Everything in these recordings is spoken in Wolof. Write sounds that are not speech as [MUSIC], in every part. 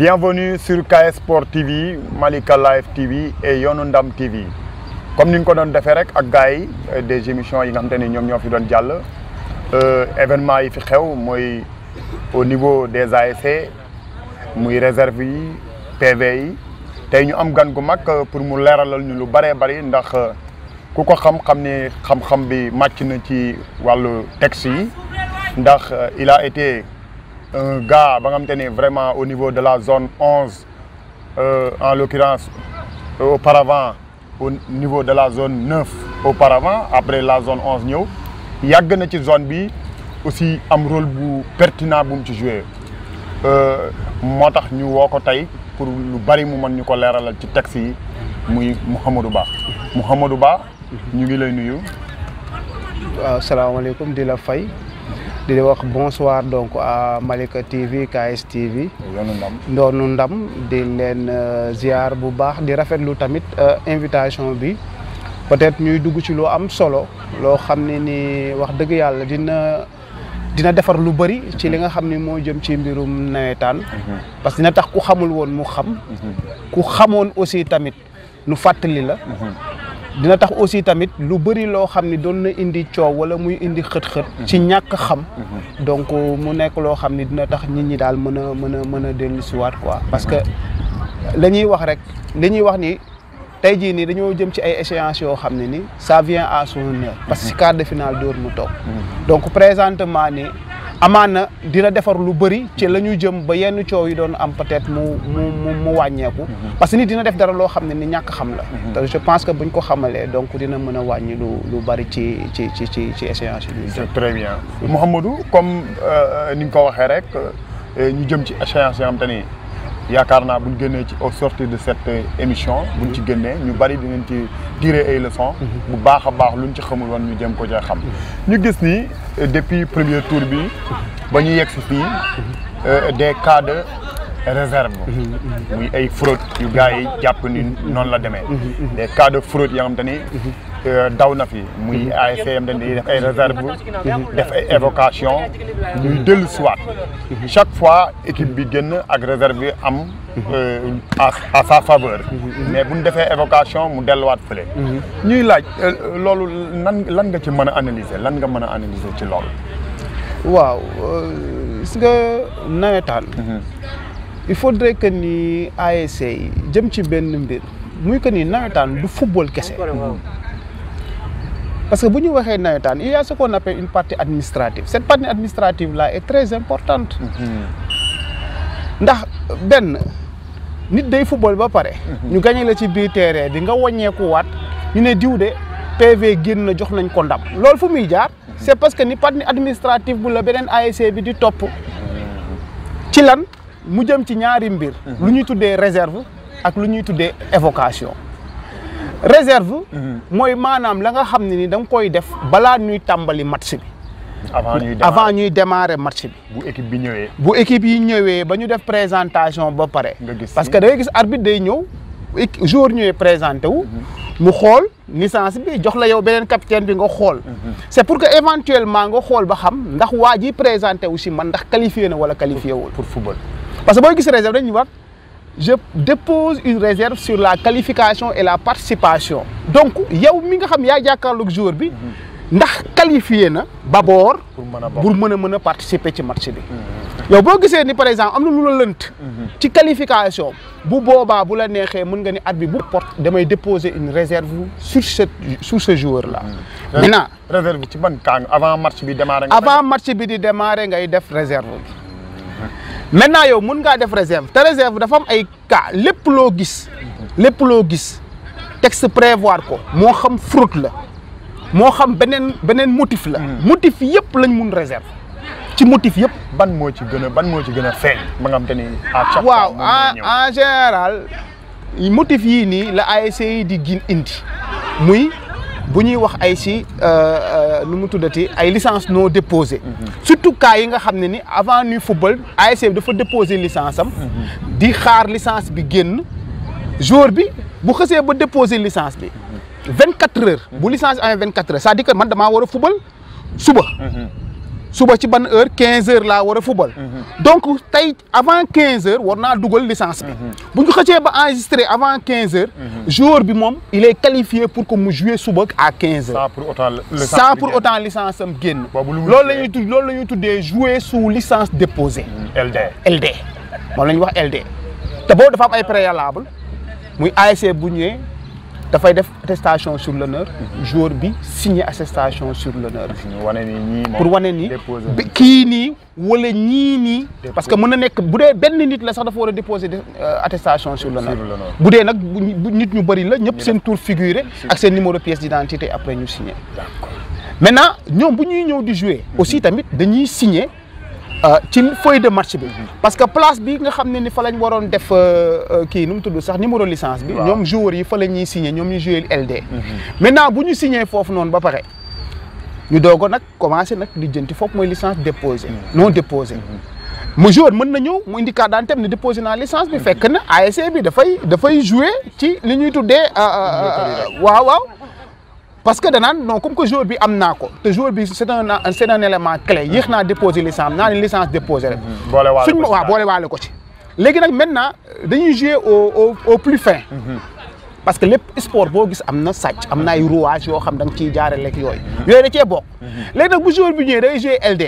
Bienvenue sur KS Sport TV Malika Live TV et Yoonu Ndam TV comme ni ñu ko doon defee rek ak gars yi euh, des émissions yi nga xamante ni ñoom ñoo fi doon euh, événement yi fi xew mooy au niveau des ASC muy réservé, yi PV yi tey ñu am gan gu mag euh, pour mu leeralal ñu lu bëree bëri ndax ku ko xam-xam ni xam-xam bi màcc na ci wàllu texte yi ndax il a été un gars qui était vraiment au niveau de la zone 11, euh, en l'occurrence euh, auparavant, au niveau de la zone 9 auparavant, après la zone 11, il y a une zone B aussi un rôle pertinent pour jouer. Euh, je suis venu à pour le bari moment ñuko leralal ci taxi muy mohamedou ba mohamedou ba ñu ngi lay nuyu assalamu alaykum dila fay bonsoir donc à Malika TV KS TV. ndam di len euh, ziar bu baax di rafetlu tamit euh, invitation bi peut-être ñuy dugg ci am solo de ni wax deug yalla dina dina défar lu bari ci li nga mhm. parce qu'il n'a tax ku xamul won mu xam. Mhm. ku aussi tamit la. Mhm. dina tax aussi tamit lu bëri loo xam ni doon na indi coow wala muy indi xët-xët. Mhm. ci ñàkk xam. Mhm. donc euh, mu nekk loo xam ni dina tax nit ñi daal mën a mën a mën a dellusiwaat quoi. parce que la wax rek li wax ni tey jii nii dañoo jëm ci ay échéances yoo xam ne ni ça vient à son heure. parce que si mhm. quart de finale mu toog. donc présentement nii. amana dina defar lu bari ci lañu jëm ba yenn coow yi doon am peut être mu mu mu wàññeeku mhm. parce que nit dina def dara loo xam ne ni ñàkk xam la mhm. te je pense que buñ ko xamalee donc dina mën a wàññi lu lu bari ci ci ci ci ci échéance yi c' très bien mouhamadou comme euh, euh, ni nga ko waxee rek euh, ñu jëm ci échéance yi xam te ni yaakaar naa buñ génnee ci au sortir de cette émission buñ ci gënné ñu bari dinañ ci tirer ay leçons mhm. bu baax baax luñ ci xamul won ñu jëm ko cee xam mhm. ñu gis ni depuis premier tour bi ba ñu yegg si mhm. euh, des cas de réserve muy ay fraude yu gars yi japp des cas de fraude xam daw na fi réserve def évocation chaque fois équipe bi génn ak à sa faveur mais vous défé évocation mu évocations, ñuy laaj lolu lan nga ci mëna analyser analyser il faudrait que ni ASA jëm ci benn mbir muy que ni nawetaan du football kese parce que bu ñu waxee nawetaan il y a ce qu' on appelle une partie administrative cette partie administrative là est très importante mm-hmm. ndax benn nit day football ba pare mm-hmm. ñu gagné la ci biir terrain bi nga wàññeekuwaat ñu ne diw de PV génn na jox nañ ko ndam loolu fu muy jaar mm-hmm. c' est parce que ni partie administrative bu la beneen ASA bi di topp ci lan mu jëm ci ñaari mbir mhm. lu ñuy tuddee réserve ak lu ñuy tuddee évocation réserve mhm. mooy maanaam la nga xam ne ni da nga koy def balaa ñuy tàmbali match bi avant ñuy démarrer match bi bu équipe bi ñëwee bu équipe yi ñëwee ba ñu def présentation ba pare parce que da gis arbitre day ñëw jour ñëwee présenté wu mhm. mu xool licence bi jox la yow beneen capitaine bi nga xool c'est pour que éventuellement nga xool ba xam ndax waa ji présenté wu si man ndax qualifié na wala qualifié wul pour football parce que booy gis réserve dañuy je dépose une réserve sur la qualification et la participation donc yow mi nga xam yaa jàkkaarloog joueur bi mm-hmm. ndax qualifié na d'abord pour mën a mën participer ci match bi mm-hmm. yow boo gisee ni par exemple am na lu mm-hmm. ci qualification bu boobaa bu la neexee mën nga ni bu porte damay déposer une réserve sur ce sur ce joueur là maintenant réserve ci ban cas avant match bi démarrer avant match bi di démarrer ngay def réserve maintenant yow mon réserves. def réserve te réserve dafa am ay cas les loo les texte prévoir ko moo xam la moo xam motif hmm. motif yëpp lañ motif. réserve ci motif est ban réserve. ci ban ci ba en général motif y ni la ASC di bu ñuy wax ay si euh, euh, nu mu tuddati ay licence non déposé mhm. surtout cas yi nga xam ne ni avant ñuy football ASC dafa déposé licence am mhm. di xaar licence bi génn jour bi bu xësee ba déposé licence bi 24 mhm. quatre heures bu licence amee 24 quatre heures c'est-à-dire que man damaa war a football suba suba ci ban heure 15h la wara football mhm. donc avant 15h warna dougal licence bi mhm. buñu xëcé ba enregistrer avant 15h mhm. joueur bi est qualifié pour que jouer à 15h ça pour autant licence ça pour autant licence am guen lolou lañuy tudd lañuy jouer sous licence déposée ld ld mo lañ wax ld té bo dafa am ay préalable muy asc il faut def attestation sur l'honneur joueur bi signé attestation sur l'honneur pour wane ni kii nii wala ñii parce que si vous avez une nit la euh, attestation sur l'honneur bu dee nag nit ñu bëri la tour figuré ak un numéro pièce d'identité après ñu signé maintenant ñoom bu ñuy jouer aussi mhm. tamit dañuy signé euh, ci feuille de match bi. Mm-hmm. parce que place bi nga xamné ni fa lañ waroon def euh, euh, ki num mu tudd sax numéro licence bi. ñom joueur yi fa la signer ñom ñoom mm-hmm. ñu joué LD. maintenant buñu signer fofu non ba paré ñu dogo nak commencer nak di jënti fofu moy licence déposée. Mm-hmm. non déposée. mu joueur mën na ñëw mu indi carte d'identité déposer na licence bi fekk na ASC bi da fay da fay jouer ci li ñuy tuddee. waaw waaw parce que danaan non comme que joueur bi am naa ko te joueur bi c' un c'est un élément clé yéex naa déposé licence naa ne licence déposé rek. Mhm. suñ ma waaw boole waale ko ci. léegi nag maintenant dañuy jouer au au plus fin. Mhm. parce que lépp sport boo gis am na sàcc am rouage yoo xam da nga ciy jaarale ak yooyu. Mhm. yooyu da cee bokk. léegi nag bu joueur bi ñëwee day jouer LD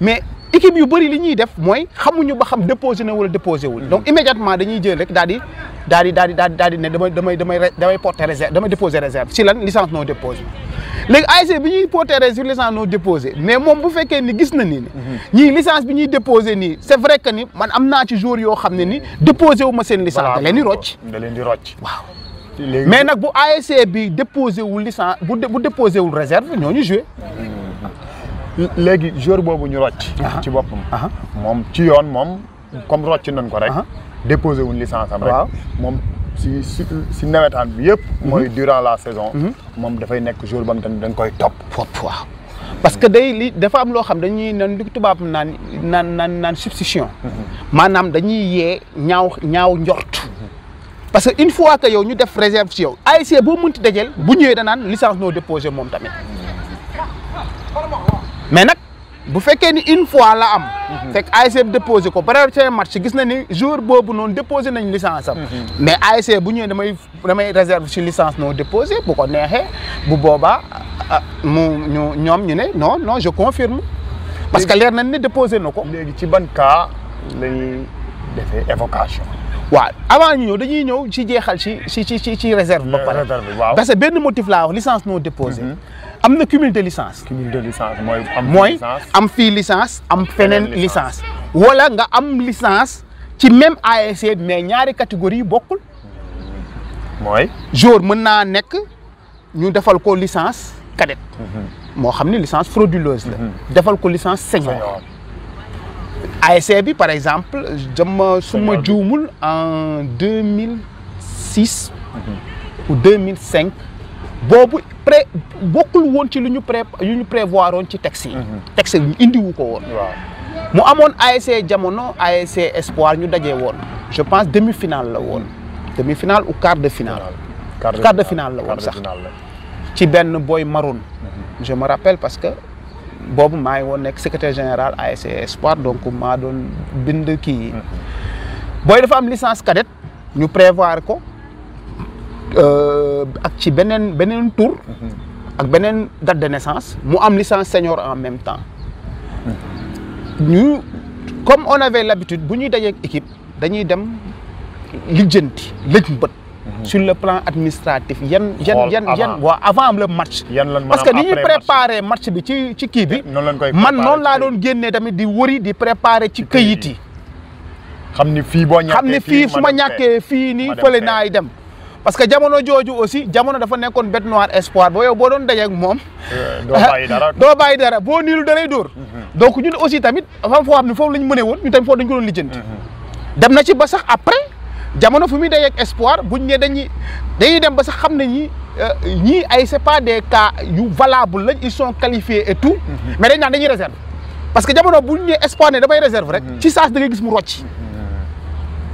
mais équipe yu bari li ñuy def moy xamuñu ba xam déposé na wala déposé wul. donc immédiatement dañuy jël rek daldi daldi daldi daldi daal di daal di ne damay damay damay damay porter réserve damay déposer réserve si lan licence non déposé. légui ASC bi ñuy porter réserve licence non déposé mais mom bu fekkee ni gis na ni. Mhm. ñi licence bi ñuy déposer ni c'est vrai que ni man am naa ci jour yoo xam ne ni déposer wu ma seen licence. da leen di rocc da leen di rocc waaw. mais nag bu ASC bi déposer wu licence bu déposer wul réserve ñooñu joué. Mhm léegi jour bobu ñu rocc. ci boppam. moom ci yoon mom comme rocc nañ ko rek. déposer wuñ licence am rek. mom si si si bi yëpp. Mhm. mooy durant la saison. Mhm. moom dafay nekk jour bam tamit dañ koy top foofu waaw parce que day li dafa am loo xam dañuy nan li tubaab naan naan naan naan substitution. Mhm. maanaam dañuy yee ñaaw ñaaw njort. parce que une fois que yow ñu def réserve ci yow. ASC boo mënti dajeel bu ñëwee danaan licence noo déposé moom tamit mais nak, bu fekkee ni une fois la am. fekk ASC déposé ko ba match match gis na ni jour boobu noonu déposé nañ licence am. Mhm. mais ASC bu ñëwee damay damay réserve ci licence non déposé bu ko neexee bu boobaa ah, mu ñu ñoom ñu ne non non je confirme. parce que leer nañ ne déposé na ko. léegi ci ban cas la ñuy évocation. waaw avant ñu ñëw dañuy ñëw ci jeexal ci ci ci ci réserve. parce que benn motif laa licence non déposé. Mhm am na cumul de licence. cumul de licence moy am. licences licence am licence. wala nga am licence ci même ASC e, mais ñaari catégorie une moy jour mën nek, ñu defal ko licence cadet. mo mhm. xamni licence frauduleuse la. Mhm. defal une licence senior. ASC e par exemple je suma ma en 2006 mhm. ou 2005 boobu pré bokkul woon ci lu pré lu ñu prévoir woon ci texte yi. Mhm. texte yi indiwu ko woon. mu amoon ASC jamono ASC espoir ñu daje woon. je pense demi finale la woon. demi finale ou quart de finale. quart de finale la woon sax ci benn boy maroon. Mhm. je me rappelle parce que boobu maa ngi woon secrétaire général ASC espoir donc maa doon bind kii. Mhm. booy dafa am licence cadette ñu prévoir ko. Euh, ak ci benen benen tour mhm. ak benen date de naissance mu am licence senior en même temps ñu comme on avait l'habitude bu ñuy dajeek équipe dañuy dem lijjanti lëj mbët mhm. sur le plan administratif yan yan yan yan waaw avant le match parce que ñi préparé match bi ci ci ki bi man non la doon génnee tamit di wori di préparer ci këyit xamni fi bo ñaké xamni fi suma ñaké fi ni fii naay dem parce que jamono jooju aussi jamono dafa nekkoon bête noire espoir ba yow boo doon dajeeg moom. Eh, doo bàyyi dara [LAUGHS] doo bàyyi dara boo niilu da lay dóor. Mm-hmm. donc ñun aussi tamit fam foo xam ne foofu la ñu mënee woon ñu tamit foofu dañu ko doon lijjanti. Mm-hmm. dem na ci ba sax après jamono fu muy dajeeg espoir buñ ne dañuy dañuy dem ba sax xam ne ñi eh, ñii ay c'est pas des cas yu valable lañ ils sont qualifiés et tout. Mm-hmm. mais dañ naan dañuy réserve parce que jamono buñ ne espoir ne damay réserve rek. ci saas da ngay gis mu rocc.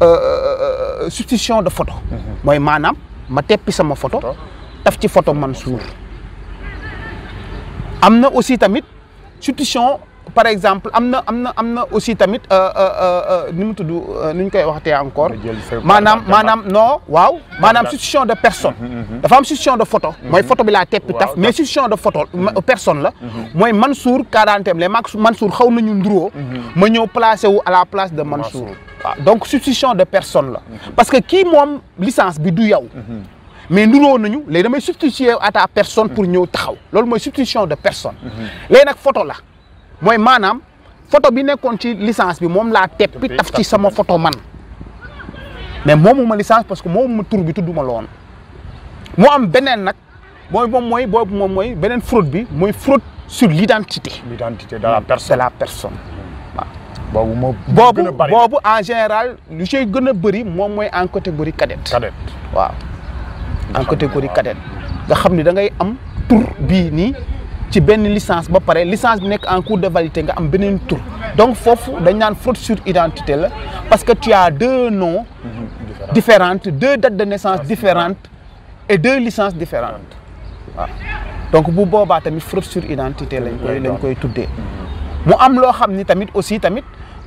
Euh, euh, euh, substitution de photo. Mhm. mooy maanaam ma teppi sama photo. taf ci photo Mansour. am na aussi tamit substitution par exemple amna amna amna aussi tamit euh, euh, euh, euh ni euh, ñu koy encore Manam, manam, non wow, Manam substitution de personne mhm, mhm, mhm. dafa am substitution de photo mooy photo bi tête teppi taf mais substitution de photo personne la moi Mansour quarantaine les Mansour xaw nañu nduroo ma ñëw placé à la place de Mansour donc substitution de personne la parce que qui moom licence bi du yow mais nous, nañu léegi damay substituer à ta personne pour ñëw taxaw loolu substitution de personne léegi nag photo la moy manam photo bi nekkoon ci licence bi mom la teppi taf ci sama photo man mais moomuma licence parce que moomuma tour bi tuduma loon mo am benen nak moy mom moy bobu mom moy benen fraude bi moy fraude sur l'identité l'identité de la personne de la personne bobu boobu en général lu cey gëna a bëri moom mooy en catégorie cadette cadette waaw en catégorie cadette nga xamni da ngay am tour bi ni ci une licence ba paré licence bi en cours de validité nga am benen tour donc fofu dañ fraude sur identité parce que tu as deux noms différentes deux dates de naissance différentes et deux licences différentes donc bu boba tamit fraude sur identité lañ koy lañ koy tuddee mu am tamit aussi tamit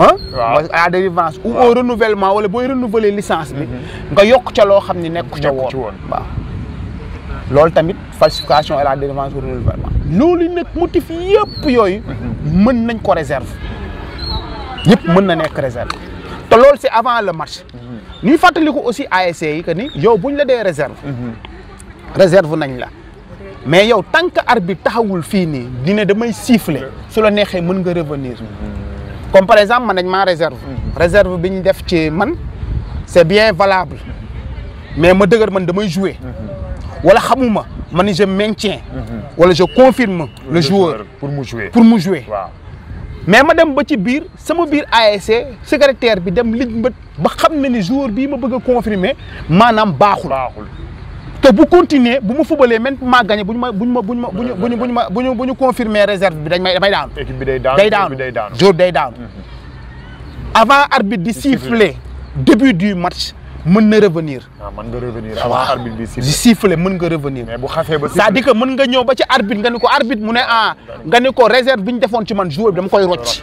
ah à la délivrance ou au renouvellement wala boy renouveler licence bi mhm. nga yokk ca loo xam ne nekk ca woon waaw tamit falsification et la délivrance ou renouvellement loolu nag motif yëpp yooyu mhm. mën nañ ko réserve Yep, mën na réserve te l'ol c'est avant le match Nous faisons ko aussi ASC yi que ni yow buñ la réserve mhm. réserve nañ la mais yow tant que arbitre taxawul fii nii dina damay siffler su la neexee mën nga revenir comme par exemple man réserve mhm. réserve bien def ci man c'est bien valable mais ma dëgër man damay jouer mhm. wala xamuma ma ni je maintiens mhm. wala je confirme le joueur pour me jouer pour me jouer mais madame dem ba ci biir sama biir ASC secrétaire bi dem lij mbët ba xam joueur bii ma bëgg a confirmer maanaam baaxul si vous continuez, bu vous même pour je vous vous ma réserve day jour day mhm. avant arbitre de siffler début du match mën ne revenir. Je ah, revenir ah, avant arbitre siffler revenir. mais bu dire que mën nga ñëw ba ci arbitre nga ko arbitre ah, réserve bi ci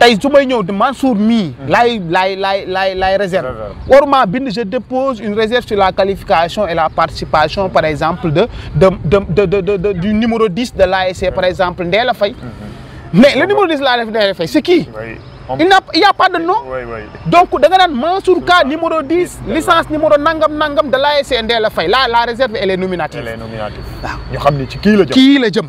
Tay su may de Mansour mi lay lay lay lay réserve. waruma bind je dépose une réserve sur la qualification et la participation par exemple de de de de de du numéro 10 de l'ASC par hmm. exemple la fay. Hmm. mais le numéro 10 de la fay c'est qui. il n'a il n'y a pas de nom. donc da nga Mansour Ka numéro 10. licence numéro nangam nangam de l'ASC Ndéla Faye la la réserve elle est nominative. elle est nominative ñu xam qui ci kii la la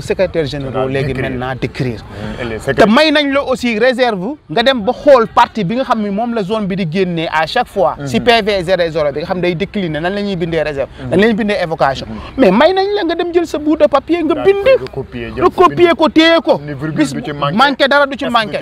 aux secrétaire général légui maintenant d'écrire mm, te may nañ lo aussi réserve nga dem ba xol parti bi nga xamni mom la zone bi di génnee à chaque fois mm. si PV 00 bi nga xam day décliner nan lañuy ñuy réserve mm. nan la ñuy évocation mais may nañ la nga dem jël sa bout de papier nga bind copier ko téyé ko bis manqué dara du ci manqué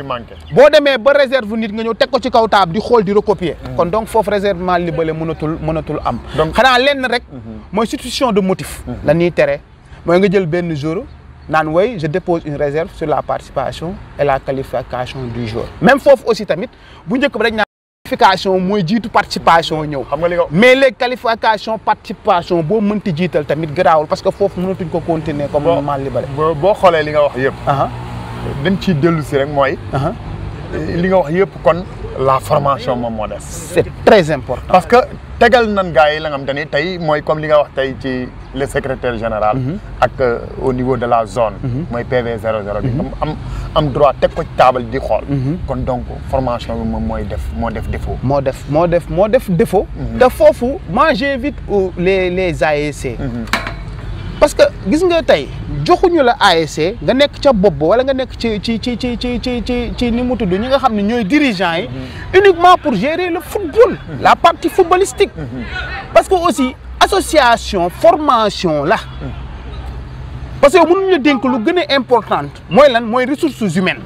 bo démé ba réserve nit nga ñëw teg ko ci kaw table di xol di recopier kon donc foofu réservement libelé mënatul mënatul am xana lenn rek moy mm-hmm. substitution de motif mm-hmm. la ñuy tere mooy nga jël ben jour Nanway, je dépose une réserve sur la participation et la qualification du jour Même fofu aussi tamit, bu ñëk rek na qualification moy jitu participation ñew. Mais les qualifications participation bo mënti jital tamit grawul parce que fofu mënatuñ ko continuer comme normal li balé. Bo xolé li nga wax yépp. Aha. Dañ ci delu ci rek moy. Aha. Li nga wax yépp kon la formation mo moo C'est très important. parce que tégal nan gars yi la ngam xam tay moy comme li nga wax tay ci le secrétaire général. Mhm. Euh, au niveau de la zone. Mhm. PV 00 bi. Mhm. am droit de table di donc formation moi moi def défaut. Moi def def def défaut. manger vite les les AEC. parce que gis nga tay joxuñu la ASC nga nek ci wala nga nek ci ci ci uniquement pour gérer le football la partie footballistique parce que aussi association formation là parce que mënuñu la dénk lu gën a important mooy lan mooy ressources humaines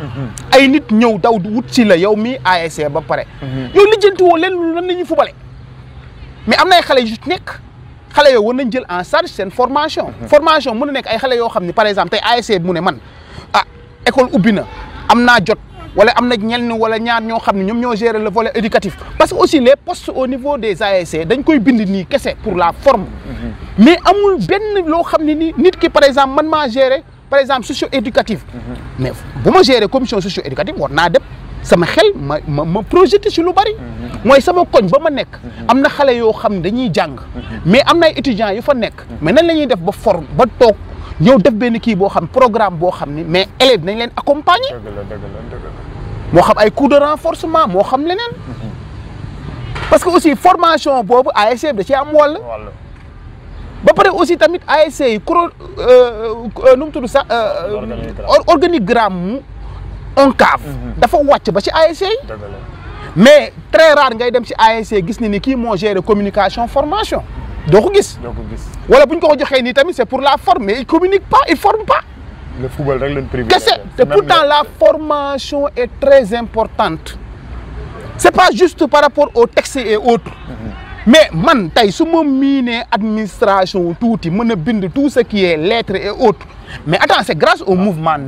ay nit ñëw daw wut ci la yow mi ASC ba pare yow lijjanti woo leen lu lan la ñuy fubale mais am na ay xale yu nekk xale yoo war nañ jël en charge seen formation formation mën nek nekk ay xale yoo xam par exemple tey ASC bi ne man ah école ubbi na am wala amna na ñenn wala ñaar ñoo xam ne gérer le volet éducatif parce que aussi les postes au niveau des ASC dañ koy bind nii kese pour la forme mhm. mais amul benn lo xam ni ni nit ki par exemple man gérer par exemple socio éducatif mhm. mais bu ma gérer commission socio éducative war naa dem sama xel ma ma ma projeté sur lu bari mhm. mooy sama koñ ba ma nekk am na xale yoo xam dañuy mais am na ay étudiants yu fa nekk mais nan la def ba forme ba toog ñëw def benn kii boo programme boo xam ni mais élèves nañ leen accompagner. dëgg la dëgg la dëgg la moo xam ay coup de renforcement mo xam leneen parce que aussi formation bobu ASC da ci am wàll ba paré aussi tamit ASC yi cro euh, euh, nu mu tudd sax euh, organigramme un cave mhm. dafa wacc ba ci ASC mais très rare ngay dem ci ASC gis ni ni kii moo gérer communication formation doo ko gis doo gis wala buñ ko ko ni tamit c'est pour la forme mais il communique pas il forme pas le football pourtant la formation est très importante C'est n'est pas juste par rapport Au textes et autres mhm. mais man tey su ma je administration tout ce qui est lettres et autres mais attends c'est grâce au mouvement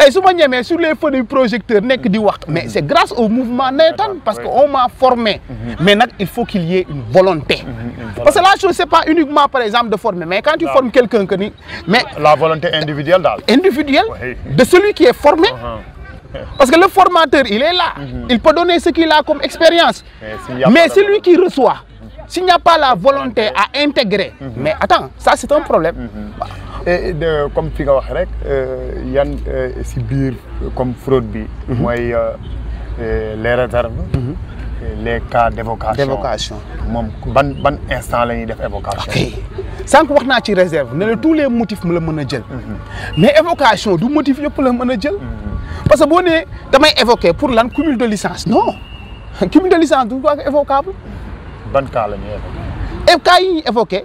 et eh, mais sur les feux du projecteur di mais mhm. c'est grâce au mouvement Nathan parce qu'on m'a formé mhm. mais il faut qu'il y ait une volonté mhm, parce que je ne sais pas uniquement par exemple de former mais quand tu formes quelqu'un que mais la volonté individuelle individuelle de celui qui est formé uh-huh. Parce que le formateur, il est là. Il peut donner ce qu'il a comme expérience. Mais c'est lui qui reçoit, s'il n'y a pas la volonté à intégrer, mais attends, ça c'est un problème et de comme fi nga wax rek euh, yan euh, si biir euh, comme fraude bi. Mhm. euh, les réserves. Mhm. les cas d'évocation bon ban ban instant la ñuy def évocation. ok sànq wax naa ci réserve ne la tous les motifs la le a jël. Mhm. mais évocation du motif yëpp le mën jël. parce que boo nee damay évoquer pour lan cumul de licence non [LAUGHS] cumul de licence tout ko évocable. ban cas la évoquer. cas yi évoquer.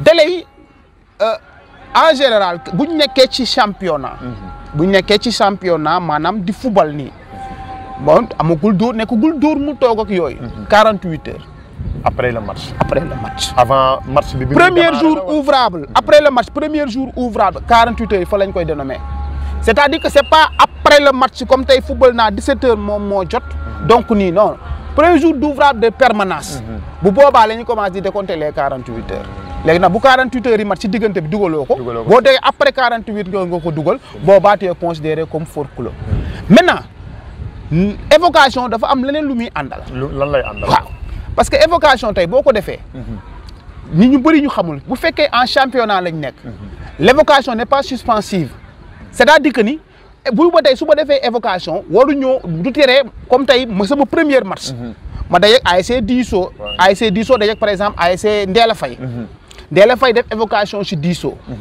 délai euh, en général si vous avez ci championnat. vous nekké ci championnat manam di football ni bon amagul dóor nekkagul dóor mu ak 48 heures. après le match. après le match. avant match premier jour ouvrable. après le match premier jour ouvrable 48 heures fa lañ koy dénommer. c'est-à-dire que c'est pas après le match comme le football à 17 heures donc ni non premier jour d'ouvrable de permanence. Mhm. bu vous lañ commencé di décompter les 48 heures. 48 heures de match, vous après 48 heures dugal considéré comme fort maintenant évocation dafa am leneen parce que l'évocation, si beaucoup de faits. Mm-hmm. Si ñu bëri ñu xamul en championnat mm-hmm. l'évocation n'est pas suspensive cest à dire que si vous avez fait su évocation vous du comme tey ma sama première match mm-hmm. ma 10 ASC à ASC Diso par exemple ASC 10 Fay il y a def évocation sur diso mhm.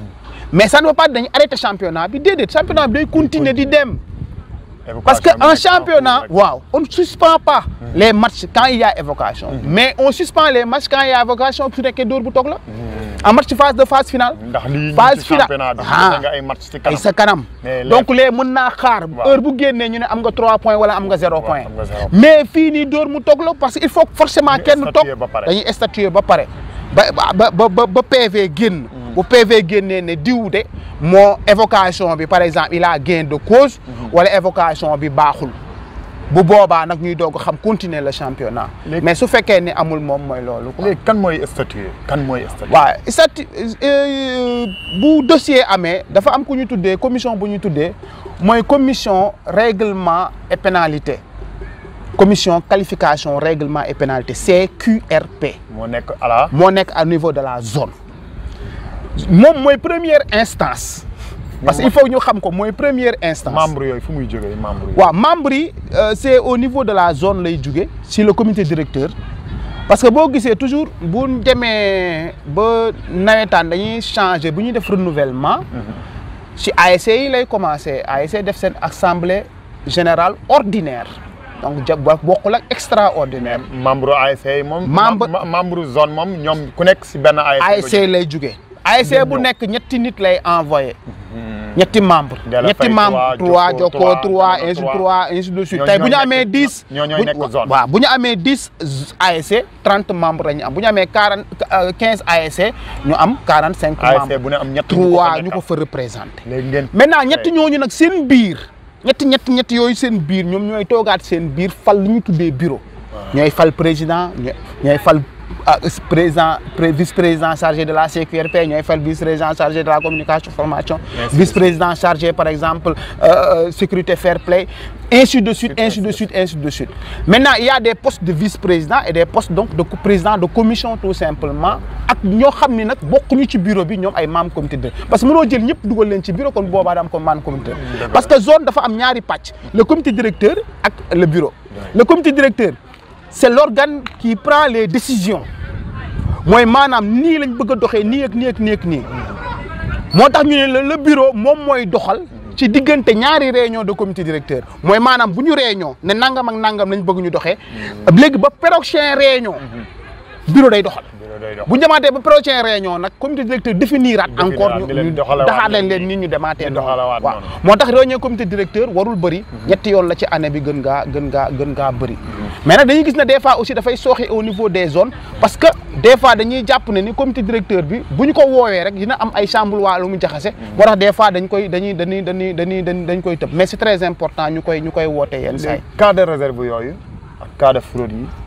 mais ça ne veut pas arrêter le championnat bi le championnat de continuer dem parce qu'en championnat on ne suspend pas mhm. les matchs quand il y a évocation mhm. mais on suspend les matchs quand il y a évocation su que dóor bu toog la en match phase de phase finale phase finale ah. donc les mën naa xaar heure bu génnee ñu ne am points wala am nga 0 point mais fini nii dóor mu toog parce qu'il faut forcément kenn toog dañuy statuer ba pareil ba ba ba ba PV génn. Mm. bu PV génnee ne diw de moo évocation bi par exemple il a gain de cause. Mm-hmm. wala évocation bi baaxul. bu boobaa nag ñuy doog xam continuer le championnat. mais su fekkee ne amul moom mooy loolu. léegi kan mooy statut kan mooy statut. waaw statut euh, euh, bu dossier amee dafa am ku ñu commission bu ñu tuddee mooy commission règlement et pénalité commission qualification règlement et pénalité CQRP. Mon est à la. niveau de la zone. Mon première instance. parce qu'il faut faut ñu xam ko mooy première instance. membre il faut que nous membre yi. membre euh, au niveau de la zone C'est le comité directeur. parce que vous voyez toujours si ñu ba nawetaan dañuy changer renouvellement. si mm-hmm. ASI, e lay commencé ASI, e def une assemblée générale ordinaire. donc ja bokkul ak extraordinaire. membre ASC yi moom. membre zone moom ñoom ku nekk si benn. ASC lay jugee. ASC bu nekk ñetti nit lay envoyé. Mm-hmm. ñetti membre ñetti membre trois Jokko trois ainsi trois ainsi de suite tey bu ñu amee dix bu ñu amee dix ASC trente membre la ñu am bu ñu amee quarante euh, quinze ASC ñu am quarante cinq membres trois ñu ko fa représenté maintenant ñetti ñooñu nag seen biir ñetti ñetti ñetti yooyu seen biir ñoom ñooy toogaat seen biir fal li ñu tuddee bureau. ñooy fal président ñooy fal. vice-président chargé de la CQRP vice-président chargé de la communication formation vice-président chargé par exemple euh, euh, sécurité fair play ainsi de suite ainsi de suite ainsi de suite maintenant il y a des postes de vice-président et des postes donc de président de commission tout simplement bureau comité parce que nous bureau parce que le comité directeur et le bureau le comité directeur c'est l'organe qui prend les décisions je ni ne le bureau suis mooy doxal ci réunion de comité directeur je je réunion ne nangam ak nangam lañ bëgg ñu doxee léegi ba réunions, réunion mm-hmm. bureau bu ñu demaatee ba prochaine réunion nag comité directeur définir at encore ñu daxaat lañ leen nit ñu demaatee waaw moo tax réunion comité directeur warul bëri mm-hmm. ñetti yoon la ci année bi gën ngaa gën ngaa gën ngaa bëri mais nag dañuy gis ne des fois aussi dafay sooxe au niveau des zones parce que des fois dañuy jàpp ne ni comité directeur bi bu ñu ko woowee rek dina am ay chambre waa lu mu jaxase mm-hmm. moo tax des fois dañ koy dañuy dañuy dañuy dañuy dañ koy tëb mais c'est très important ñu koy ñu koy woote yenn saa yi cas de réserve yooyu ak cas de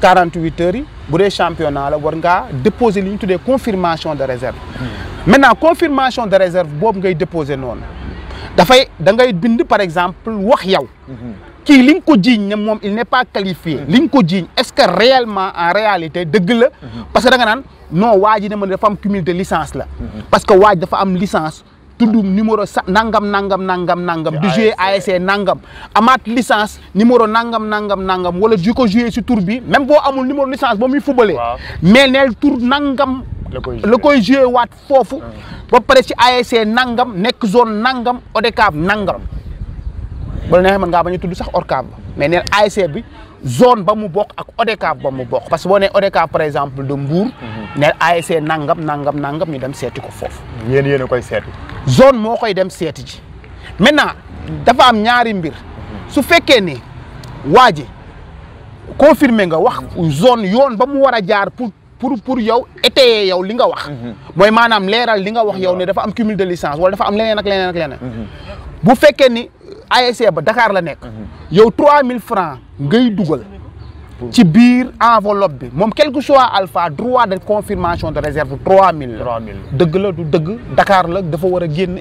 48 heures pour les championnats, championnat déposer une confirmation de réserve. maintenant confirmation de réserve boobu ngay déposer non. dafay da ngay bind par exemple wax qui il n'est pas qualifié. Mm-hmm. est-ce que réellement en réalité il la. Mm-hmm. parce que da nga non waa ma cumul de licence mm-hmm. parce que waa ji dafa une licence. tuddum numéro sa nangam nangam nangam nangam di jouer ASC nangam amaat licence numéro nangam nangam nangam wala di ko jouer si tour bi même boo amul numéro licence ba muy fubalee mais neel tour nangam la koy jouer waat foofu ah. ba pare si ASC nangam nekk zone nangam ODCAV nangam bala neexee ma ngaa bañ a tudd sax ORCAV mais neel ASC bi zone ba mu bokk ak ODCAV ba mu bokk parce que boo nee ODCAV par exemple de Mbour. Mhm. ne ASC nangam nangam nangam ñu dem seeti ko foofu. yéen a koy seeti. zone moo koy dem seeti ji maintenant dafa am ñaari mbir mhm. su fekkee ni waa ji confirmé nga wax mhm. zone yoon ba mu war a jaar pour. pour pour yow étayer yow li nga wax. mooy maanaam leeral li nga wax yow ne dafa am cumul de licence wala dafa am leneen ak leneen bu fekkee ni ASC ba Dakar la nekk. yow mille francs ngay dougal, ci biir enveloppe bi quelque quel que soit alpha droit de confirmation de réserve trois mille la la du deug Dakar la dafa war a génn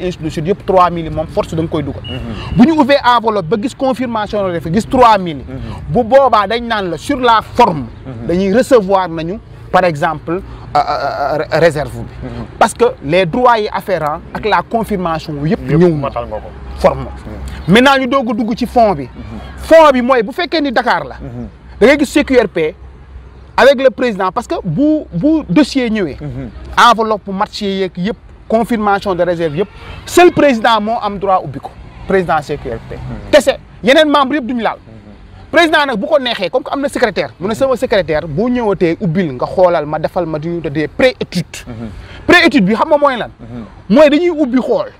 trois mille force dang koy dougal mhm. buñu ouvé enveloppe ba gis confirmation de réserve gis trois mille mhm. bu pouvez dañ naan la sur la forme mhm. dañuy recevoir nañu par exemple euh, euh, euh, réserve parce que les droits y afférents avec la confirmation vous ñëw matal ngoko forme maintenant ñu doog a ci fond bi fond bi mooy bu fekkee ni Dakar la da ngay gis CQRP avec le président parce que bu bu dossier ñëwee enveloppe marché yeeg confirmation de réserve yëpp seul président moo am droit ubbi ko président CQRP kese yeneen membre yëpp duñu laal président nag bu ko neexee comme que am secrétaire mu ne sama secrétaire boo ñëwatee ubbil nga xoolal ma defal ma duñu tuddee pré mhm. étude pré étude bi xam nga mooy lan mhm. mooy dañuy ubbi xool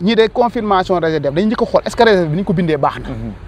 ñii day confirmation réserve def dañu njëkk a xool est-ce que ko bindee baax na mhm.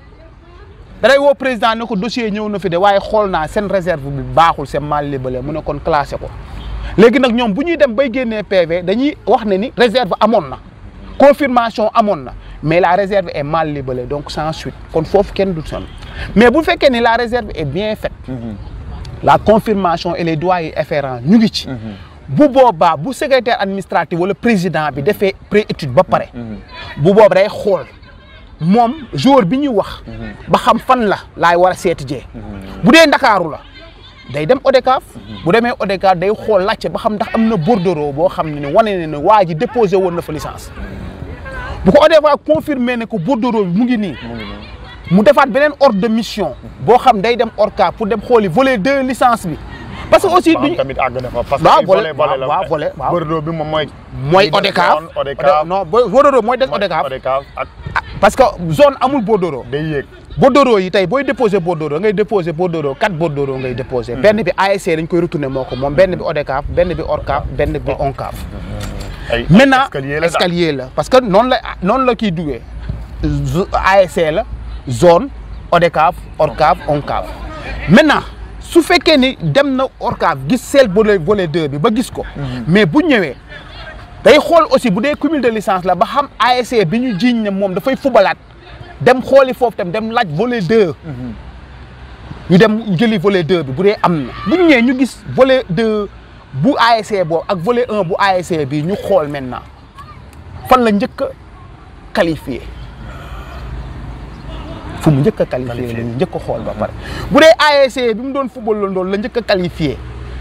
dalay wo président ne ko dossier ñew na fi de waye xol na sen réserve bi baaxul c'est mal libellé mu ne kon classé ko légui nak ñom buñuy dem bay génné PV dañuy wax né ni réserve amoon na confirmation amoon na mais la réserve est mal libellée donc sans suite kon foofu kenn du son mais bu féké ni la réserve est bien faite mm-hmm. la confirmation et les droits yi afférents ñu ngi ci mm-hmm. bu boobaa bu secrétaire administratif wala président bi défé pré-étude ba paré mm-hmm. bu bob day xool mom joueur biñu wax. ba xam fan la lay wara a seeti jee. bu la day dem ODCAV. bu demee ODCAV day xol laajte ba xam ndax amna na bordereau boo xam ne wane ne ne waa ji déposé woon na fa licence. bu ko ODCAV confirmer né ko bordereau bi mu ngi ni mu défat benen ordre de mission. bo xam day dem orca pour dem xoli voler deux licence bi. parce que aussi duñu tamit àgg na fa. parce que volet volet la waaw volet waaw bi moom moy mooy ODCAV non bordereau moy des ODCAV. ak parce que zone amul bordereau. Bodoro. yéeg bordereau yi tey booy déposé bordereau ngay déposé Bodoro, quatre bordereau ngay déposé. Hmm. Ben bi ASC dañ koy retourner moo ko Ben benn bi ODCAV ben bi Orcaf, ben bi Oncaf. maintenant escalier là, parce que non la non la kiy doué. ASC la zone ODCAV Orcaf, Oncaf. maintenant. su fekkee ni dem na Orcaf, gis seel volet volet deux bi ba gis ko hmm. mais bu ñëwee day vous aussi bu cumul de licence la ba xam ASC deux. Ils mom volé deux. Ils dem xoli dem volet 2. ñu dem jëli volet 2 bi bu bu gis volet 2 bu ASC ont ak volet 1 bu ASC bi ñu maintenant fan la ñëk volé fu mu ba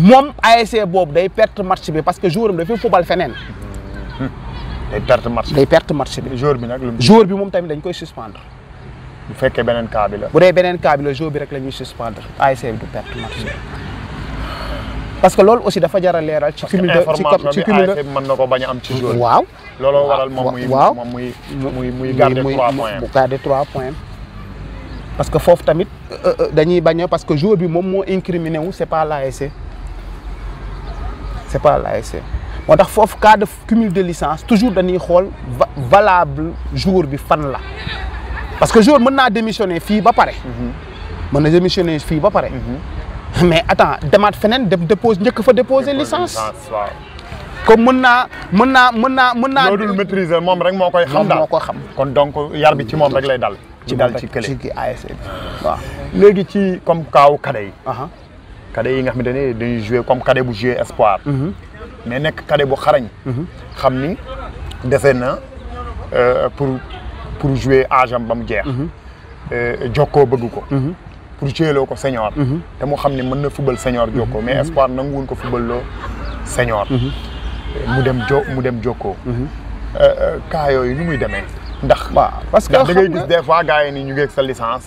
mom ASC bob day perdre match bi parce que joueur am fait football fenen [LAUGHS] day perdre match day perdre match bi. joueur bi nak joueur bi mom tamit dañ koy suspendre. bu fekkee benen cas bi la. bu dee benen cas bi le joueur bi rek lañuy suspendre ASC bi du perte match parce que loolu aussi dafa jar a leeral. ci cumul ci cumul de ci cumul de mën na ko am ci joueur. waaw lolo waral mom muy mom muy muy muy garder trois points bu garder trois points. parce que foofu tamit euh, euh, dañuy bañ parce que joueur bi mom mo incriminé wu c'est pas l'ASC c'est pas la e. moo tax faut cas de cumul de licence toujours dañuy xool valable jour bi fan la parce que jour mën naa démissionner fii ba pare mm-hmm. mën na démissionner fii ba pare mm-hmm. mais attends demaat feneen dem dépose njëkk fa déposer licence comme mën naa mën naa mën naa mën naa loolu maîtriser moom rek moo koy xam daal kon donc yar bi ci moom rek lay dal ci dal ci kële ci ASC e bi waaw ci comme kaaw kade yi cadet nga jouer comme cadet bu jouer espoir. Mhm. mais les cadet xarañ. Mhm. Euh, pour pour jouer à am guerre. Djoko jeex. Mhm. Euh, pour jouer ko senior. Je ne mais espoir nanguwul ko football senior. mu dem jo euh, parce que fois gars yi ni ñu licence.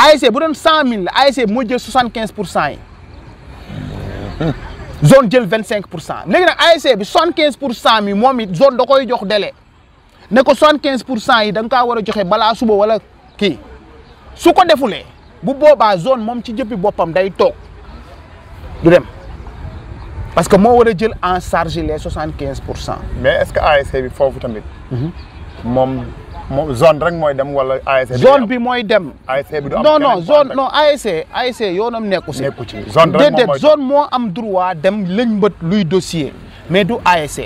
ASC si vous 100 mille ASC e 75% zone jël 25%. cinq 75% cent ASC e zone délai ne 75 a joxe balaa vous wala vous zone ci vous day parce que moi, je en charge les 75%. mais est-ce que ASC e bi foofu tamit. Mhm. moom zone rek mooy dem wala ASC. E zone bi mooy dem. ASC e bi du am non non zone non ASC ASC e, yoonam nekku si. ci zone rek moom mooy moo am droit dem lëñbët luy dossier mais du ASC.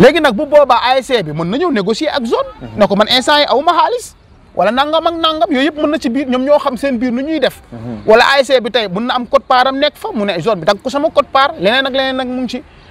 léegi nag bu boobaa ASC bi mën na ñëw négocier ak zone. Mhm. na ko man instant yi aw ma xaalis. wala nangam ak nangam yooyu yëpp mën na ci biir ñoom ñoo xam seen biir nu ñuy def. Mhm. wala ASC bi tey mun na am code part nekk fa mu ne zone bi dagg ko sama code part leneen ak leneen nag mu ngi ci.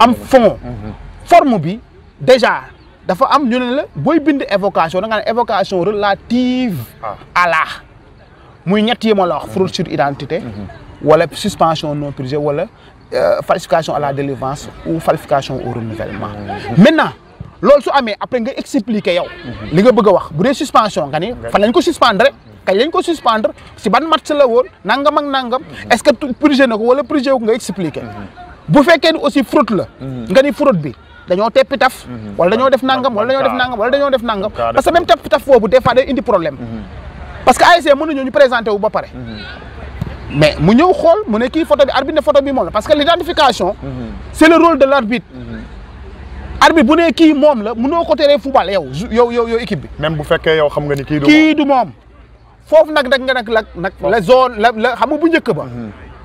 am fond forme bi déjà dafa am ñu la boy bind évocation nga évocation relative ah. à la muy ñett yi ma la wax fraude sur identité wala suspension non purgée wala euh, falsification à la délivrance ou falsification au renouvellement maintenant loolu su amé après nga expliquer yow li nga bëgg wax bu dee suspension nga ni fan lañ ko suspendre kay lañ ko suspendre ci ban match la woon nangam ak nangam est-ce que tout na ko wala purgé ko nga expliquer bu faites aussi fruit la. Mhm. nga ni fruit bi dañoo teppi taf. Mhm. wala dañoo def nangam wala dañoo def nangam wala dañoo def nangam. parce que même teppi taf boobu des fois day indi problème. Mhm. parce que ASC mënuñu ñu présenter wu ba paré mais mu ñeu xol mu ne ki photo bi arbitre photo bi mom la parce que l'identification, c'est le rôle de l'arbitre. arbitre. arbitre bu ne ki mom la mënoo ko téré football yow yow yow yow équipe bi. même bu fekkee yow xam nga ni ki du mom kii du moom. nag nag nga nag la nag la zone la xam nga bu njëkk ba.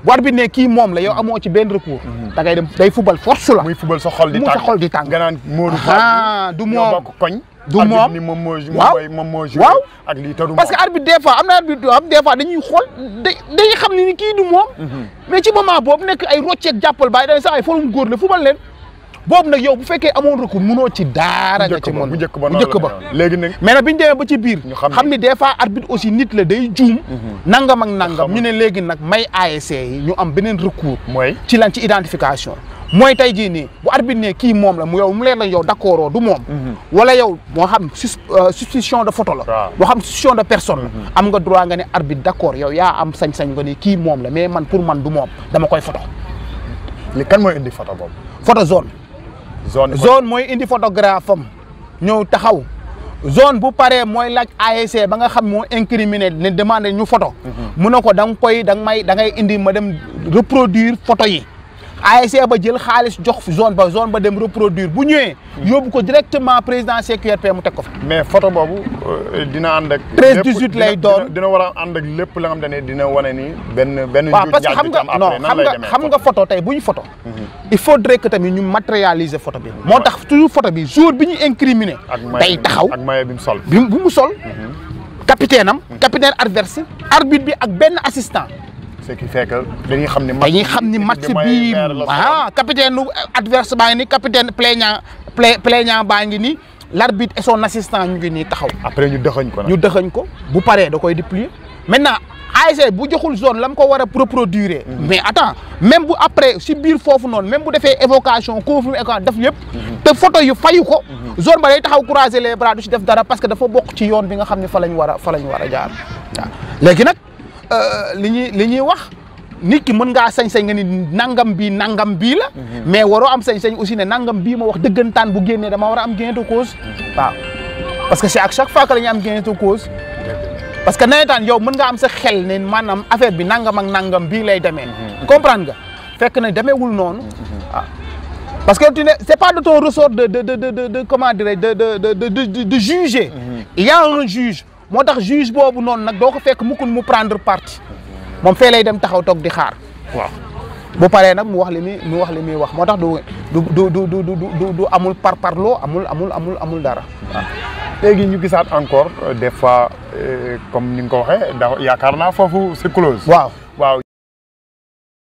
bu bi ne kii moom la yow amoo ci benn recours. Mhm. da ngay dem day fubal force la. muy fubal sa xol di tàng sa xol di tàng. nga naan Modou Fall du moom du moom moo moom moo waaw ak lii te du parce que arbitre des fois am na arbitre yoo xam des fois dañuy xool da dañuy xam ne ni kii du moom. Mhm. mais ci moment boobu nekk ay rocceeg jàppal bàyyi ay forum góor la fubal leen. boobu nag yow bu fekkee amoon recours munoo ci daara nga ci mën bu njëkk ba bu njëkk ba mais nag bi demee ba ci biir xam ni des fois arbitre aussi nit la day juum mhm. nangam ak nangam ñu ne léegi nag may ASC yi ñu am beneen recours mooy ci lan ci identification mooy tey jii nii bu arbitre ne kii moom la mu yow mu leer la yow d'accord du moom mhm. wala yow moo xam substitution euh, de photo la moo xam substitution de personne mhm. am nga droit nga ne arbitre d'accord yow yaa am sañ-sañ nga ne kii moom la mais man pour man du moom dama koy photo li kan mooy indi photo boobu photo zone zone zone mooy indi photographe am ñëw taxaw zone bu paree mooy laaj ASC ba nga xam moo incriminé ne demande ñu photo mhm. mu ne ko da nga koy da nga may da ngay indi ma dem reproduire photo yi ASC e ba jël xaalis jox zone ba zone ba dem reproduire bu ñëwee. Hmm. yóbbu ko directement président CQRP mu tek ko fa. mais photo bobu euh, dina ànd ak. 13 18 lay doon dina wara a ak lepp la nga xam te dina wone ni. ben ben waaw parce que xam nga non xam xam nga photo tay bu photo. Hmm. il faudrait que tamit ñu matérialiser photo bi. motax tax toujours photo bi jour bi ñu incriminé. tay taxaw ak maye bi mu sol. bi mu sol. Hmm. capitaine am. capitaine adverse arbitre bi ak ben assistant qui fait que dañuy ah capitaine euh, adverse capitaine plaignant plaignant ni l'arbitre et son assistant ñu après ñu ko ñu ko bu maintenant. bu joxul zone la ko mhm. mais attends même après si biir foofu non même bu évocation def mhm. photo yu fayu mhm. zone ba les bras du def parce que dafa bokk ci yoon bi nga xam fa euh, li wax nit ki mën ngaa sañ nga ni nangam bii mhm. mais waroo am sañ aussi ne nangam bii ma wax dëggantaan bu génnee dama am cause. Mhm. parce que c'est à chaque fois que la am de cause. parce que nawetaan yow mën nga am sa xel ne maanaam affaire bi nangam ak nangam bii lay demee. Mhm. comprendre nga ah. parce que tu ne c'est pas de ton ressort de de de de comment de de de de juger. il y a un juge. moo tax juge boobu noonu nag doo ko fekk mukkul mu prendre parti moom fee lay dem taxaw toog di xaar waaw bu paree nag mu wax li muy mu wax li muy wax moo tax du du du du du amul par parloo amul amul amul amul dara waaw. Ah. léegi ñu gisaat encore euh, des fois euh, comme ni nga ko waxee da yaakaar naa foofu c'est close